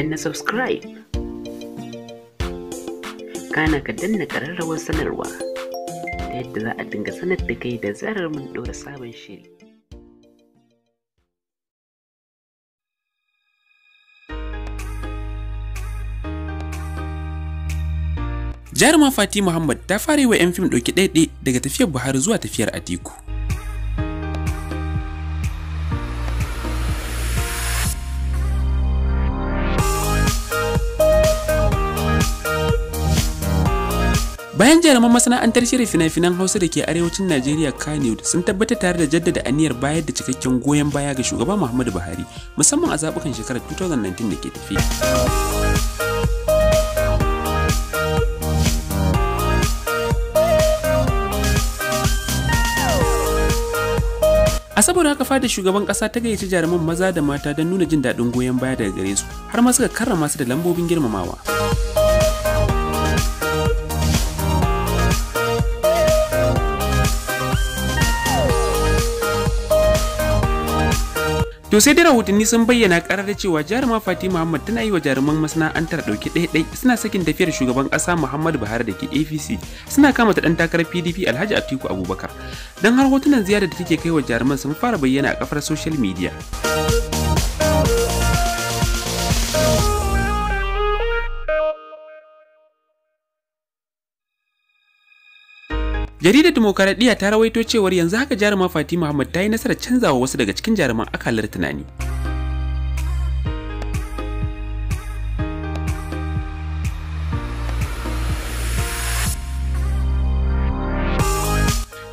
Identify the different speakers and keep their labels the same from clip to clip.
Speaker 1: danna subscribe kana ka danna ƙararrawar sanarwa ta yadda za a dinga sanar da kai da zarar mun ɗora sabon shiri jaruma fati muhammad ta fara yi wa 'yan fim ɗauki ɗaiɗai daga tafiyar buhari zuwa tafiyar atiku Bayan jaruman masana'antar shirin fina-finan Hausa da ke arewacin Najeriya Kanewood sun tabbatar tare da jaddada aniyar bayar da cikakken goyon baya ga shugaba Muhammadu Buhari musamman a zabukan shekarar 2019 da ke tafi. a saboda haka fada shugaban kasa ta gayyaci jaruman maza da mata don nuna jin daɗin goyon baya daga gare su har ma suka karrama su da lambobin girmamawa. To sai dai rahotanni sun bayyana karar cewa jaruma Fatima Muhammad tana yi wa jaruman masana'antar ɗauki ɗaiɗai suna sakin tafiyar shugaban ƙasa Muhammadu Buhari da ke APC suna kama ta ɗan takarar PDP Alhaji Atiku Abubakar. Don har hotunan ziyarar da take kai wa jaruman sun fara bayyana a kafar social media. Jaridar Dimokuraɗiyya ta rawaito cewar yanzu haka jaruma Fatima Muhammad ta yi nasarar canzawa wasu daga cikin jaruman akalar tunani.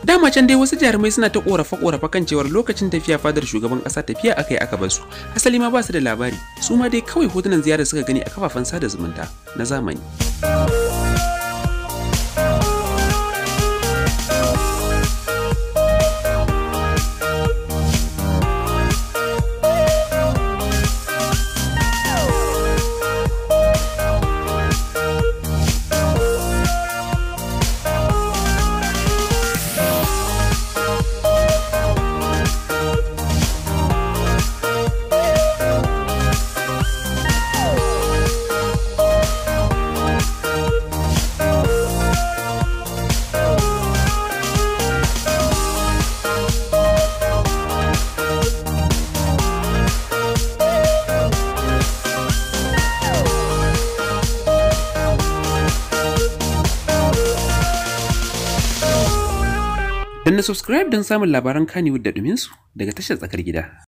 Speaker 1: dama can dai wasu jarumai suna ta korafa-korafa kan cewar lokacin tafiya fadar shugaban kasa tafiya aka yi aka basu asali ma ba su da labari su ma dai kawai hotunan ziyara suka gani a kafafen sada zumunta na zamani. Dan na subscribe don samun labaran Kannywood da ɗuminsu daga tashar tsakar gida.